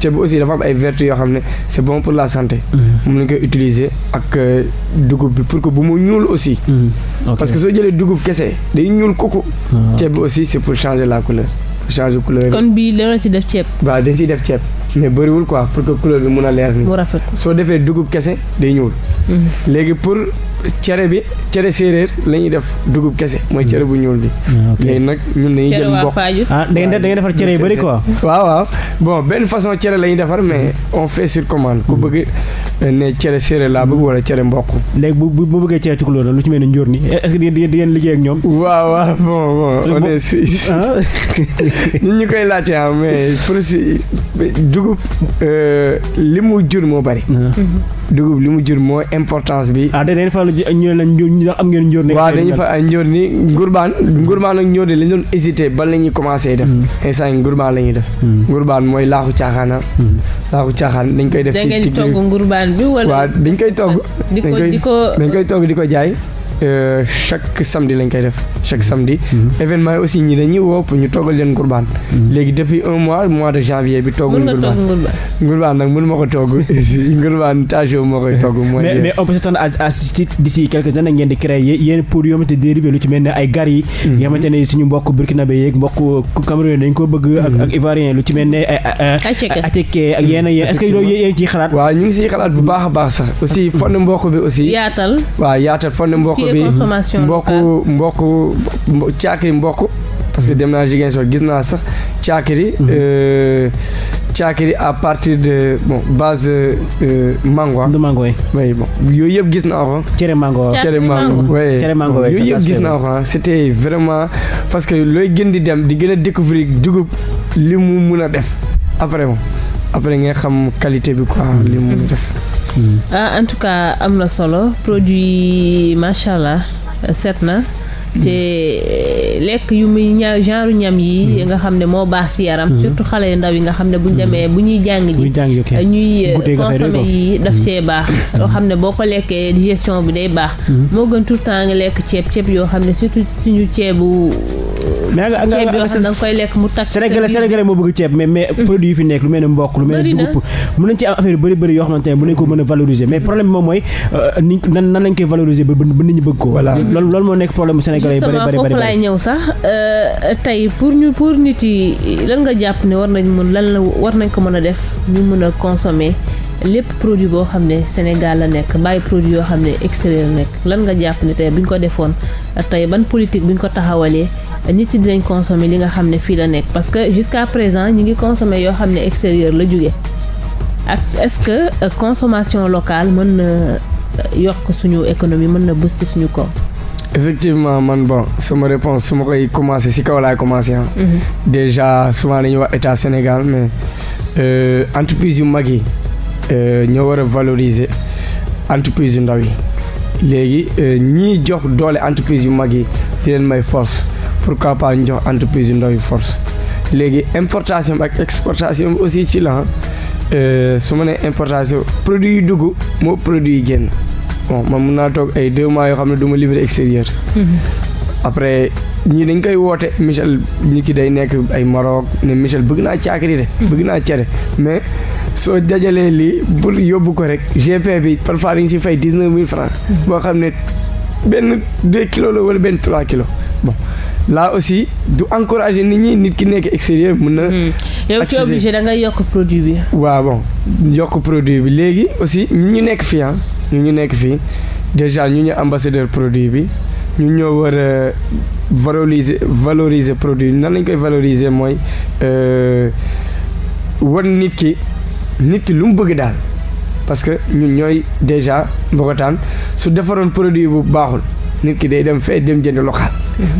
S3: ceeb aussi dafa am ay vertus yoo xam ne c'est bon pour la santé. moom la ñu koy utiliser ak euh, dugub bi pour que bu mu ñuul aussi. Mhm. parce que soo jëlee dugub kese day ñuul kooku. Ah. ceeb bi aussi c'est pour changer la couleur. changer couleur kon
S1: bii la ci def ceeb.
S3: waaw dañ ciy def ceeb. mais bëriwul quoi pour que couleur bi mun a leer nii. soo defee dugub kese day ñuul. Mm-hmm. léegi pour cere bi cere séeréer la ñuy def dugub kese mooy cere bu ñuul bi. Ah, léegi nag ñun dañuy jël mboq. ah da ngeen da ngeen defar cere yu bëri quoi. waaw waaw bon benn façon cere la ñuy defar mais on fait sur commande ku bëgg eh, ne cere séeréer laa bëgg wala cere mboq. léegi bu bu bu bëggee cere tukulóor la lu ci mel ni njóor ni eh,
S2: est-ce que di ngeen di ngeen liggéey ak ñoom. waaw waaw bon bon on est si ah.
S3: ñun ñu koy laajte ah mais pour si dugub euh, li mu jur moo bari. Ah. Mhm. dugub li mu jur moo importance bi. ah da ngeen fa jamono ji ñu ne la ñu am ngeen njóor ne waaw dañu fa ay njóor ni ngurbaan ngurbaan ak njóor ni lañ doon hésité ba la ñuy commencé def instant hmm. yi ngurbaan la da def hmm. ngurbaan mooy laaxu caaxaana hmm. laaxu caaxaan dañ koy def ci
S1: waaw dañ koy togg dañ
S3: koy togg di ko jaay Euh, chaque samedi lañ koy def chaque samedi. Mm-hmm. événement yi aussi ñi dañuy woo pour ñu toggal leen ngurbaan. Mm-hmm. léegi depuis un mois mois de janvier bi toggul ngurbaan. ngurbaan nag mënu ma ko togg ngurbaan taajo moo koy togg. mooy mais mais
S2: on peut s'attendre à à ce ngeen di créer yéen pour yoo xamante dérivé lu ci mel ne ay gar yi. Mm-hmm. nga xamante ne suñu mbokk burkinabé yeeg mbokk camerounais dañ ko bëgg. ak ak lu ci mel ne ay. aceke ak yenn ñu ngi siy xalaat bu
S3: baax a baax sax aussi fond mbokk bi aussi. yaatal waaw yaatal mbokk bi mbokk mbokk caakiri mbokk parce que dem naa Ziguinchor gis naa sax caakiri mhm. euh, caakiri à partir de bon base euh, mango. de mango yi. oui bon yooyu yëpp gis naa ko. cere mango cere mango cere mango yooyu yëpp ko c' était vraiment parce que looy gën di dem di gën a découvrir dugub li mu mun a def après bon après nga xam qualité bi quoi li mu mun a def.
S1: ah en tout cas am na solo produit macha allah set na. te lekk yu muy ña genre ñam yi. Hmm. nga xam ne moo baax ci yaram. Hmm. surtout xale ndaw yi nga xam ne bu ñu hmm. bu ñuy jàng ji. ñuy euh, consommer yi daf cee baax. loo xam ne boo ko lekkee digestion bi day baax. moo gën tout le temps ngi lekk ceeb ceeb yoo xam ne surtout suñu ceebu. mais nga nga a yoo xam ne da nga koy lekk mu tàkk. Sénégalais Sénégalais
S2: moo bëgg ceeb mais mais hmm. produit yu fi nekk lu mel ne lu mel ne mën nañ ci am affaire bëri bëri yoo xamante ne bu nañ mën a valoriser mais problème bi moom mooy euh, ni nan nan lañ valoriser ba nit ñi bëgg ko voilà hmm. moo nekk problème bu Sénégalais yi bëri bëri bëri
S1: foofu euh, tey pour ñu pour nit yi lan nga jàpp ne war nañ mën lan la war nañ ko mën a def ñu mën a consommer lépp produit boo xam ne Sénégal la nekk bàyyi produit yoo xam ne extérieur nekk lan nga jàpp ne tey bu nga ko defoon tey ban politique bi ñu ko taxawalee nit ci dinañ consommer li nga xam ne fii la nekk parce que jusqu'à présent ñi ngi consommer yoo xam ne extérieur la jóge ak est-ce que euh, consommation locale mën na euh, yokk suñu économie mën na booster suñu ko
S3: effectivement man bon sama réponse su ma koy commencer si kaw laay commencer ah déjà souvent dañuy wax état Sénégal euh, entreprise yu mag yi Euh, ñoo war a valoriser entreprise yu ndaw yi léegi euh, ñii jox doole entreprise yu mag yi di leen may force pour pas ñu jox entreprise yu ndaw yi force léegi importation ak exportation aussi ci la euh, su ma nee importation produit yu dugg moo produit yi génn bon man mun naa toog ay deux mois yoo xam ne du ma livrer extérieur mm-hmm. après ñii dañ koy woote Michel ñi ki day nekk ay Maroc ne Michel bëgg naa caakiri de mm-hmm. bëgg naa cere mais soo jajalee li bul yóbbu ko rek GP bi parfois dañ si fay dix neuf mille francs boo xam ne benn deux kilos la wala benn trois kilos bon là aussi du encourager ni ñi nit ki nekk extérieur mun na. Hmm.
S1: yow tu es obligé da nga yokk produit bi.
S3: waaw bon yokk produit bi léegi aussi ñun ñu nekk fii ah ñun ñu nekk fii déjà ñu ñu ambassadeur produit bi ñu ñoo war a valoriser valoriser produit nan lañ koy valoriser mooy euh, wan nit ki. nit ki lu mu bëgg daal parce que ñun ñooy déjà Mbogotaan su defaroon produit bu baaxul nit ki day dem fee dem jënd local.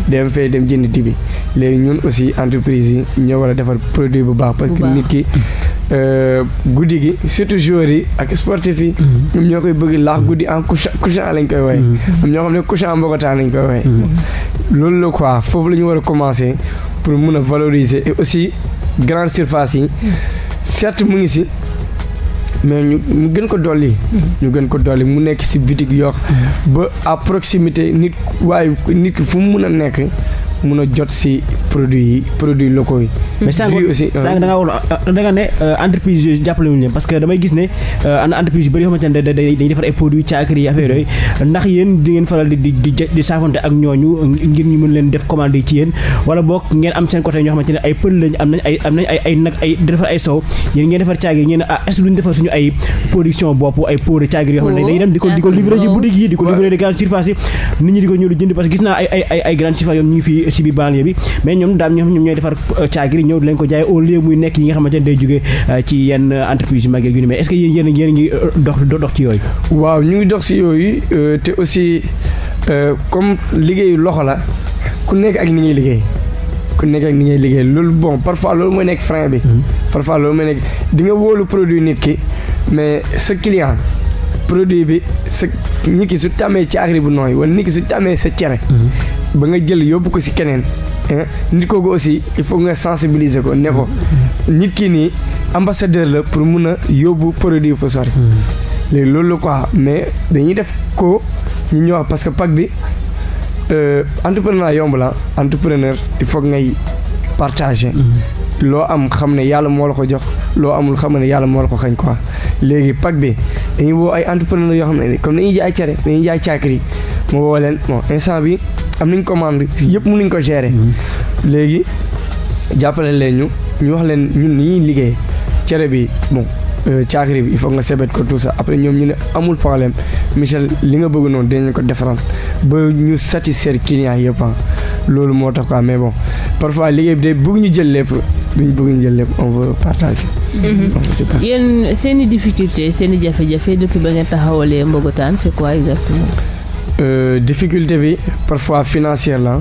S3: dem fee dem jënd tibi léegi ñun aussi entreprise yi ñoo war a defar produit bu baax. parce que nit ki euh, guddi gi surtout joueurs yi ak sportif yi. Mhm. ñoom ñoo koy bëgg laax mhm. guddi en couche couchant lañ koy wooye. Mhm. ñoom ñoo xam ne couchant Mbogotaan lañ koy wooye. loolu la quoi foofu la ñu war a commencer pour mun a valoriser et aussi grande surface yi certes mu ngi si. mais ñu ñu gën ko dolli. Mm-hmm. ñu gën ko dolli mu nekk si bitig yoo ba à proximité nit waaye nit ki fu mu mun a nekk. mun a jot si produit yi produits locaux yi. Hmm. mais sànq sànq
S2: da ngaa ne euh, entreprise jàppale wuñu leen parce que damay gis ne euh, entreprise yu bëri yoo xamante ne dañuy defar ay produits caakiri ngeen faral di yi ngeen ñoo xamante ne ay pël lañ am nañ defar ay sow ngeen defar caakiri ngeen ay production bopp ay pot de yoo xamante ne dem di ko di ko livrer ci yi di ko livrer de grande surface yi nit ñi di ko ñëw di jënd parce que gis naa ay ay surface yoon ñu fii ci bi banlieue bi mais ñoom daam ñoom ñoom ñooy defar euh, caagiri ñëw di leen ko jaay au lieu muy nekk yi nga xamante ne day jógee euh, ci yenn euh, entreprise yu mag yu ni mais est ce que yéen ngi dox dox ci yooyu
S3: waaw ñu ngi dox ci yooyu te aussi comme liggéeyu loxo la ku nekk ak ni ngay liggéey ku nekk ni ngay liggéey loolu bon parfois loolu mooy nekk frein bi hmm. parfois loolu mooy nekk di nga wóolu produit nit ki mais sa client produit bi sa nit ki su tàmmee ci agri bu nooy wala nit ki su sa cere hmm. ba nga jël yóbbu ko si keneen nit ko aussi il foog nga sensibiliser ko ne ko nit kii nii ambassadeur la pour mun a yóbbu produit fu sori hmm. léegi loolu la quoi mais dañuy def ko ñu ñëwaat que pack bi euh, entrepreneur yomb la entrepreneur il faut ngay partager hmm. loo am xam ne yàlla moo la ko jox loo amul xam ne yàlla moo la ko xañ quoi léegi pack bi dañuy woo ay entrepreneur yoo xam ne comme dañuy jaay cere dañuy jaay caakiri moo woo leen bi am nañ commande yëpp nu ñu ko gérer. léegi jàppale leen ñu ñu wax leen ñun nii liggéey cere bi bon euh, caakiri bi il faut nga sebet ko tu ça après ñoom ñu ne amul problème Michel li nga bëgg noonu dinañ ko defaral ba ñu satisfaire client yëpp ah. loolu moo tax ko mais bon parfois liggéey bi day bëgg ñu jël lépp duñ bëgg ñu jël lépp on veut partager. Mhm.
S1: yéen seen i difficulté seen i jafe-jafe depuis ba nga taxawalee Mbogotaan c'est quoi exactement.
S3: Euh, difficulté bi parfois financière la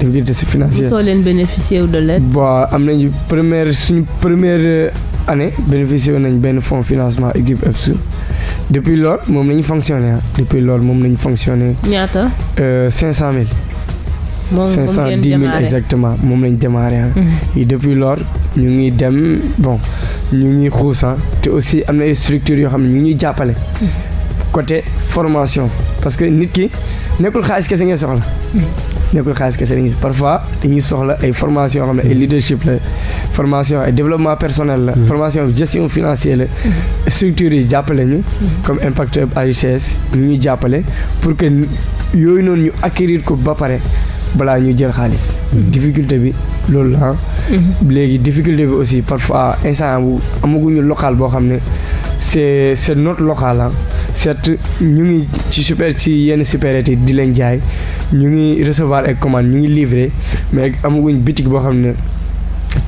S3: difficulté si financière. soo leen bénéficier de l'aide. bon am nañu première suñu première euh, bénéficier wu nañ benn fons financement équipe depuis loolu moom la ñu fonctionné ah depuis moom la ñu ñaata. 500000. Euh,
S4: moom 510 000
S3: exactement moom lañ démarré ah. Mm-hmm. depuis lors ñu ngi dem bon ñu ngi xuus ah. te aussi am na ay structures yoo xam ne ñu ngi ñuy jàppale. Mm-hmm. côté formation. parce que nit ki nekkul xaalis kese ngay soxla. nekkul xaalis kese dañuy parfois ñu soxla ay formation ay leadership la formation ay développement personnel la. formation gestion financière la. structures yi jàppale ñu. comme Impact ay AICS ñu ñu jàppale pour que yooyu noonu ñu acquérir ko ba pare balaa ñu jël xaalis. difficulté bi loolu la ah. léegi difficulté bi aussi parfois instant bu amaguñu local boo xam ne c'est c'est notre local ah. certes ñu ngi ci super ci yenn supérette yi di leen jaay ñu ngi recevoir ay commandes ñu ngi livre mais amaguñ boutique boo xam ne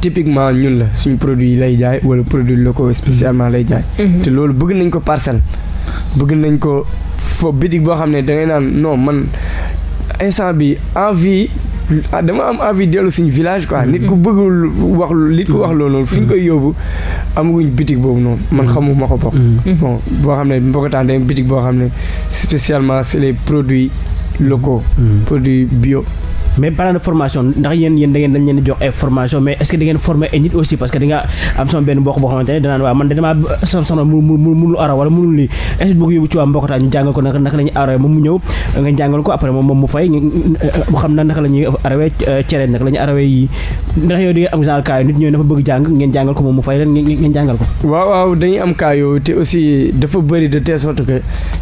S3: typiquement ñun la suñu produit lay jaay wala produit locaux spécialement lay jaay. Mhm. te loolu bëgg nañ ko parcelle bëgg nañ ko fo boutique boo xam ne dangay naan non man instant bi envie ah dama am envie dellu suñu village quoi nit ku bëggul wax nit ku wax loolu noonu fi ñu koy yóbbu amaguñ bitig boobu noonu man mm. xamuma ko bokk mm. mm. bon boo xam ne mbokkataan
S2: day bitig boo xam ne spécialement c'est les produits locaux produits bio mais parlant de formation ndax yéen yéen da ngeen dañ leen di jox ay formation mais est-ce que da ngeen former ay nit aussi parce que di nga am sama benn mbokk boo xamante ne danaan waaw man de damaa sama soxna mu mënul ara wala mënul lii est-ce que bu ko yóbbu ci waa mbokkataa ñu jàngal ko naka naka la ñuy arawee moom mu ñëw nga jàngal ko après moom moom mu fay mu xam na naka la ñuy arawee euh, cere naka la ñuy arawee yi ndax yow di ngeen am genre cas nit ñooy dafa bëgg jàng ngeen jàngal ko moom mu fay leen ngeen jàngal ko waaw waaw dañuy am cas yooyu te aussi dafa bëri de telle sorte
S3: que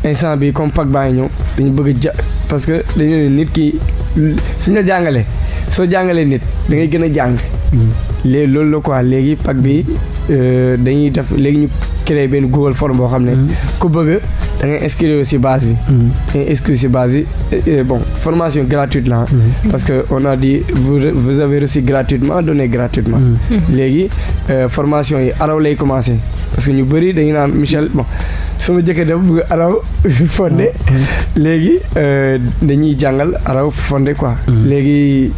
S3: instant bi comme pac baa ngi ñëw dañu bëgg ja parce que dañu nit ki nga jàngale soo jàngalee nit dangay gën a jàng léegi loolu la quoi léegi pak bi euh, dañuy def léegi ñu créé benn Google form boo xam ne mm-hmm. ku bëgg da ngay inscrire si bi mm-hmm. da ngay inscrire si base bi bon formation gratuite la mm-hmm. parce que on a di vous vous avez reçu gratuitement donné gratuitement léegi euh, formation yi araw lay commencé parce que ñu bëri dañu naan Michel sama jëkkër dem bëgg araw fonde mm-hmm. léegi euh, dañuy jàngal araw fonde quoi mm-hmm. léegi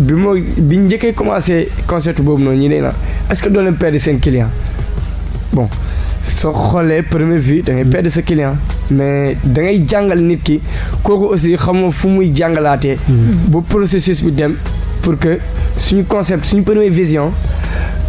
S3: bi moo bi njëkkee commencé concept boobu noonu ñi nee na est-ce que doo leen perdre seen client bon soo xoolee première vue dangay ngay mm-hmm. perdre sa client mais dangay jàngal nit ki kooku aussi xamoo fu muy jàngalaatee ba processus bi dem pour que suñu concept suñu première vision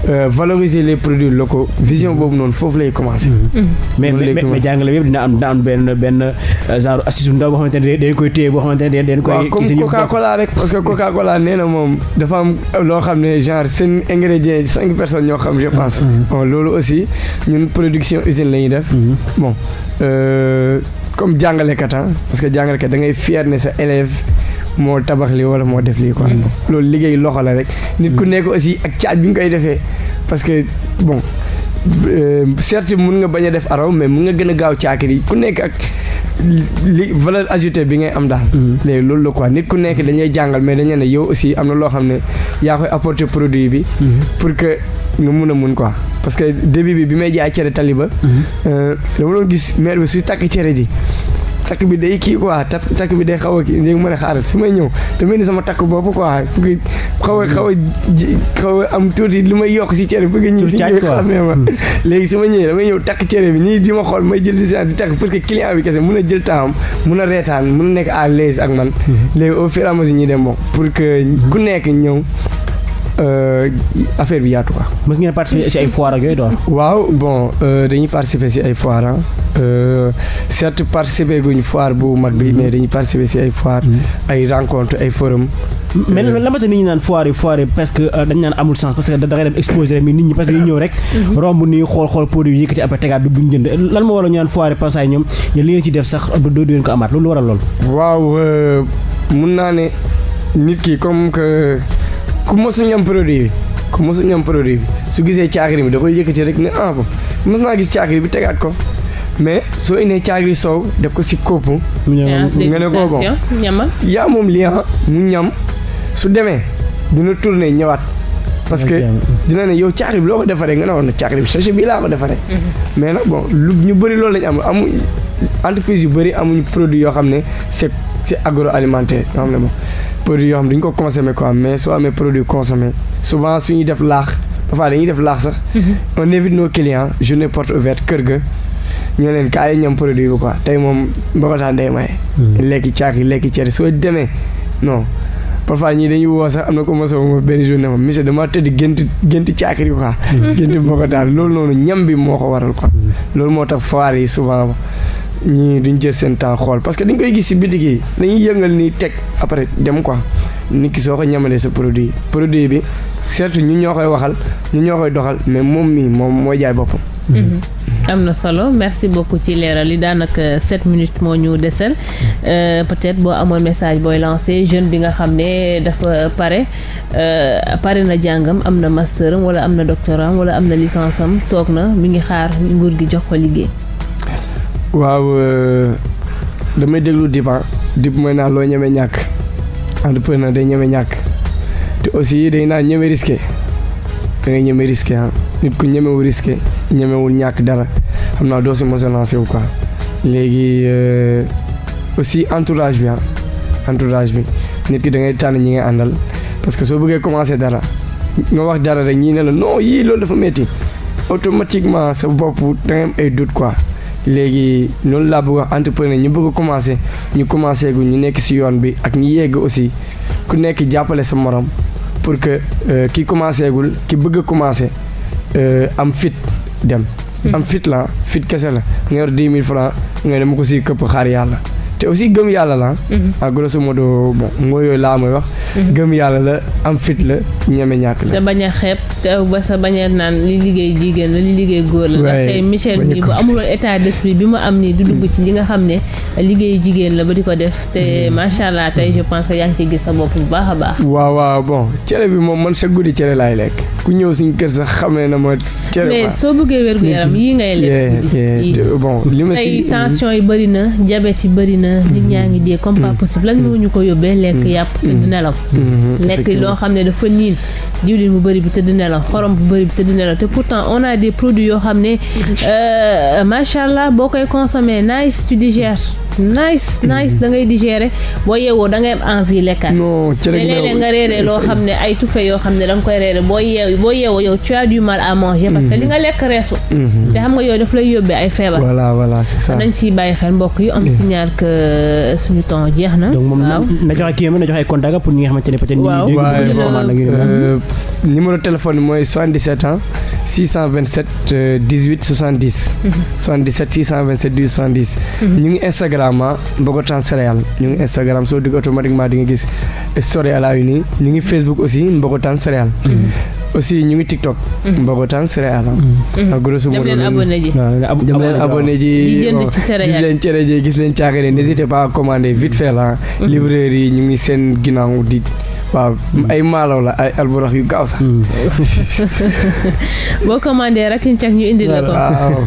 S3: Euh,
S2: valoriser les produits locaux vision boobu noonu foofu lay commencer.
S4: Mm-hmm.
S2: mais mais jàngale yëpp dina am dina am benn benn euh, genre astuce bu ndaw boo xamante ne dañ koy téye ne dañ koy. comme Coca Cola rek parce que Coca na moom dafa am
S3: loo xam ne genre
S2: seen ingrédients cinq personnes ñoo
S3: xam je pense. Mm-hmm. bon loolu aussi ñun production usine la ñuy def. Mm-hmm. bon euh, comme jàngalekat ah parce que jàngalekat da ngay fier ne sa élève moo tabax li wala moo def lii quoi mm. loolu liggéey loxo la rek nit ku mm. nekk aussi ak caaj bi nga koy defee parce que bon euh, certes mun nga bañ a def araw mais mun nga gën a gaaw caakiri ku nekk ak li valeur ajoutée bi ngay am daal mm. léegi loolu la quoi nit ku nekk dañuy jàngal mais dañu ne yow aussi am na loo xam ne yaa koy apporter produit bi pour que nga mun a mun quoi parce que début bi bi may jaay cere taliba euh, dama doon gis maire bi suy takk cere ji takk bi day kii quoi takk takk bi day xaw a kii léegi ma ne xaaral su may ñëw te mel ni sama takk bopp ko pour que xaw a a xaw a am tuuti lu may yokk si cere pour que ñii si ñëwee xamee ma hmm. léegi su ma ñëwee damay ñëw takk cere bi ñii di ma xool may jël distance di takk pour que client bi kese mun a jël temps mun a reetaan mun a nekk à l'aise ak man hmm. léegi au fur et à mesure ñuy dem bon pour que ku nekk ñëw Euh, affaire bi yaatu quoi. mos ngeen participer ci ay foire ak yooyu doon. waaw bon euh, dañuy participer ci ay foire euh,
S2: certes participer guñ mm-hmm. ay foire mm-hmm. ay rencontre mais la ma tamit ñu naan foire yi foire yi parce que dañ naan amul sens parce que da ngay dem exposer rek nit ñi parce que ñu ñëw rek. Mm-hmm. romb nii xool xool produit yi yëkkati après tegaat bi jënd lan moo waral ñu naan foire yi parce ñoom li ngeen ci def sax du du ngeen ko amaat loolu waral loolu. waaw mun naa ne
S3: nit ki comme que. ku mosu ñam produit bi ku mosu ñam produit bi su gisee caakiri bi da koy yëkkati rek ne ah bon mos naa gis caakiri bi tegaat ko mais soo indee caakiri soow def ko si kopp nga ne ko bon yaa moom lien mu ñam su demee dina tourné ñëwaat parce que dina ne yow caakiri bi loo ko defaree nga ne woon na caakiri bi sachet bi laa ko defaree mhm. mais nag bon lu ñu bëri loolu lañ am amu entreprise yu bëri amuñu produit yoo xam ne se ci agroalimentaire nga xam ne moom produit yoo xam duñ ko consommer quoi mais soo amee produit consommé souvent suñuy def laax parfois dañuy def laax sax. Mm-hmm. on évite nos clients journée porte ouverte kër ga. ñoo leen kaay ñam produit bi quoi tey moom mbokotaan day maye. Mm-hmm. lekki caaki lekki cere soo demee non am na ko mos a benn jour ma monsieur dama tëdd gént gént caakiri quoi. Mm-hmm. gént mbokotaan loolu noonu ñam bi moo ko waral quoi. loolu moo tax foire yi souvent. ñii duñ jël seen temps xool parce que dañ koy gis si bitig yi dañuy yëngal nii teg après dem ko nit ki soo ko ñamalee sa produit produit bi surtout ñu ñoo koy waxal ñu ñoo koy doxal mais moom mii moom mooy jaay boppam.
S1: Mm-hmm. am na solo merci beaucoup ci leeral yi daanaka sept minutes moo ñu desel euh, peut-être boo amoon message booy lancé jeune bi nga xam ne dafa pare euh, pare na jàngam am na master am wala am na doctorat am wala am na licence am toog na mi ngi xaar nguur gi jox ko liggéey.
S3: waaw euh, damay déglu Dipa ah. Dip mooy naa loo ñeme ñàkk entrepreneur day ñeme ñàkk te aussi day naa ñeme risqué da ngay ñeme risqué ah nit ku ñemewul wul ñàkk dara xam naa doo si a lancé wu ko léegi euh, aussi entourage bi ah entourage bi nit ki da ngay tànn ñi ngay àndal parce que soo buggee commencé dara nga wax dara rek ñii ne la non yii loolu dafa métti automatiquement sa bopp da ngay ay doute quoi. léegi loolu laa bëgg wax entrepreneur ñi bëgg a commencé ñu commencé gu ñu nekk si yoon bi ak ñu yegg aussi ku nekk jàppale sa morom pour que euh, ki commencé gul ki bëgg a commencé euh, am fit dem. Hmm. am fit la fit kese la nga yor dix mille francs nga dem ko ci këpp xaar yàlla. te aussi gëm yàlla la mhm. ah. grosso moo bon mooy yooyu laa mooy wax. Mhm. gëm yàlla la am fit la ñeme ñàkk la. te
S1: bañ a xeeb te ba sa bañ a naan li liggéey jigéen la li liggéey góor la. ndax tey Michel mii bu amuloon état d'esprit bi ma am nii du dugg mhm. ci li nga xam ne liggéey jigéen la ba di ko def te macha allah tey je pense que yaa ngi ciy gis sa bopp bu baax a baax.
S3: waaw waaw bon cere bi moom man sa guddi cere laay lekk. ku ñëw suñu kër sax xamee na ma. cër mais soo
S1: bëggee wér gu yaram yii ngay lekk. bon li ma si tension yi bëri na diabète yi bëri na. nit ñaa ngi dee comme pas mm. possible lan moo ñu ko yóbbee lekk mm. yàpp tëdd nelaw.
S4: Mm-hmm, mm-hmm, lekk loo xam
S1: ne dafa niin diwlin bu bëri bi tëdd nelaw xorom bu bëri bi tëdd nelaw te pourtant on a des produit yoo xam ne euh, macha allah boo koy consommé nice tu digères. nice nice mhm. da ngay digérer boo yeewoo da ngay am envie lekkaat. non cere gi nga reere loo xam ne ay tufe yoo xam ne da nga koy reere boo yeew boo yow tu as du mal à manger. parce que mhm. li nga lekk reesu. Mhm. te xam nga yooyu daf lay yóbbee ay feebar.
S3: voilà voilà c'est ça nañ ciy
S1: bàyyi xel mbokk yi am me que euh, suñu temps jeex na. donc moom na joxe kii na joxe ay contact pour ñi nga xamante ne peut être. waaw euh,
S3: numéro téléphone bi mooy 77 ans 627 18 70. 77 627 18 70. ñu ngi Instagram. Rama Mbogotane céréales ñu ngi Instagram soo dugg automatiquement di nga gis story à la une ñu ngi Facebook aussi Mbogotane céréales. Mhm. aussi ñu ngi TikTok. Mbogotane mhm. céréales. Mhm. Ah, grosso modo dem leen abonné ji dem leen abonné ji. Oh. gis leen cere ji gis leen caakiri n'hésitez pas à commander vite fait la livreur yi ñu ngi seen ginnaaw di. waaw ay maalaw la ay alburax yu gaaw sax.
S1: boo commandé rek ñu indi la ko.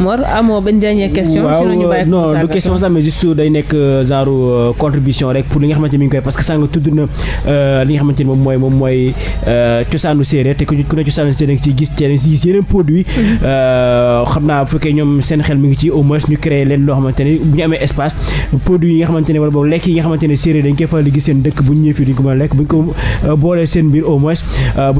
S1: Mor amoo benn dernière question. waaw
S2: non question sax mais juste day nekk euh, genre euh, contribution rek pour li nga xamante ni mi ngi koy parce que sànq tudd na euh, li nga xamante ni moom mooy moom mooy cosaanu séeréer te ku seen xel mi ngi ci au moins ñu créer leen loo xamante ni bu ñu amee espace produit yi nga xamante ne wala boog lekk yi nga xamante ne séeréer dañ koy faral di seen dëkk bu ñu fii duñ a lekk ñu ko boolee seen bu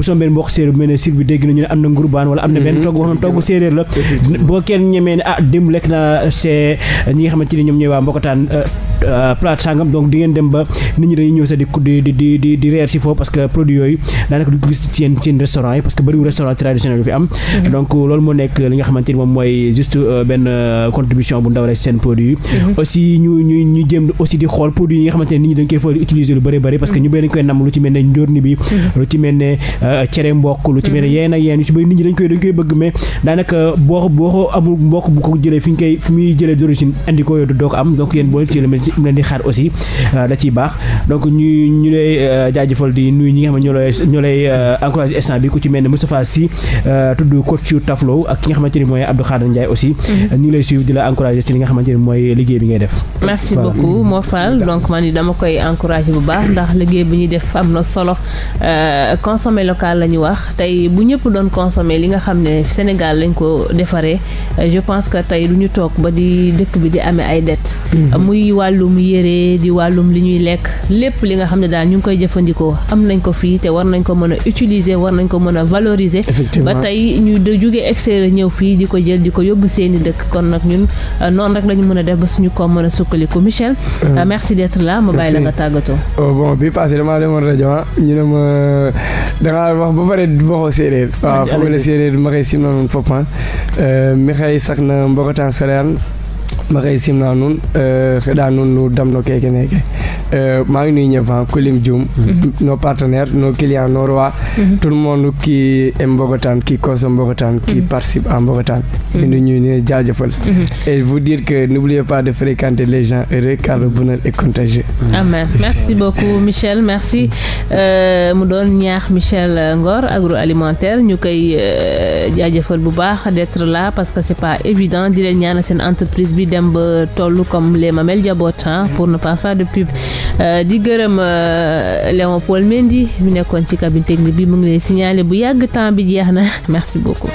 S2: soom benn mbokk séeréer bu mel ne Sylvie dégg na ñu ne am na ngurbaan wala am na benn mm-hmm. ñemee ni ah démb lekk na euh, c'est euh, ñi nga xamante ni ñoom ñooy waa mbokkataan euh, plate euh, sangam donc di ngeen dem ba nit ñi dañuy ñëw sax di di di di di reer ci foofu parce que produit yooyu daanaka du gis ci yeen ci restaurant yi parce que bëriwul restaurant traditionnel yu fi am mhm. donc euh, loolu moo nit ñi dañ koy fa mhm. mhm. euh, koy bëgg mais aussi mu leen di xaar aussi euh, da ciy baax donc ñu ñu lay euh, jaajëfal di nuyu ñi nga xam ne ñoo lay ñoo lay euh, bi ku ci mel ne Moustapha Sy tudd coach yu ak ki nga xamante ni mooy Abdou Khader Ndiaye aussi mhm. ñu ngi lay suivre di la encouragé ci li nga xamante ni mooy liggéey bi ngay def merci beaucoup
S1: Mor Fall donc man dama koy encouragé bu baax ndax liggéey bi ñuy def am na solo consommer local la ñu wax tey bu ñëpp doon consommer li nga xam ne Sénégal lañ ko defaree je pense que tey du ñu toog ba di dëkk bi di amee ay wàllum yére di wàllum li ñuy lekk lépp li nga xam ne daal ñu ngi koy jëfandikoo am nañ ko fii te war nañ ko mën a utiliser war nañ ko mën a valoriser ba tey ñu de jóge extérieur ñëw fii di ko jël di ko yóbbu seeni dëkk kon nag ñun euh, noonu rek la mën a def ba suñu ko mën a sukkaliku Michel euh, euh, merci d'être là ma bàyyi la nga tàggatoo
S3: oh, bon bi passé damaa demoon rajo ah. ñu ne ma dangaa wax ba pare waxoo séeréer waaw foogale séeréer ma koy simna noonu foppan mi xëy maxey simna nuun xeɗa euh, nuun nu damno keke neke euh, maa ngi nuyu ñëpp ko lim juum nos partenaires nos clients nos rois mhm. tout le monde qui aime Mbokatan qui consomme Mbokatan qui mhm. participe à Mbokatan mhm. i nu ñu ne jaajëfal et vous dire que n'oubliez pas de fréquenter les gens heureux car le e est contagieux
S1: amen merci beaucoup Michel merci euh, mu doon ñaax Michel Ngor agroalimentaire ñu koy jaajëfal bu baax d'être là parce que c'est pas évident di leen ñaanal seen entreprise dem ba toll comme les mamelles jabootan pour ne pas de pub euh, di gërëm euh, Léon
S4: Paul Mendy mi nekkoon ci cabine technique bi mu ngi lay signaler bu yàgg temps bi jeex na merci beaucoup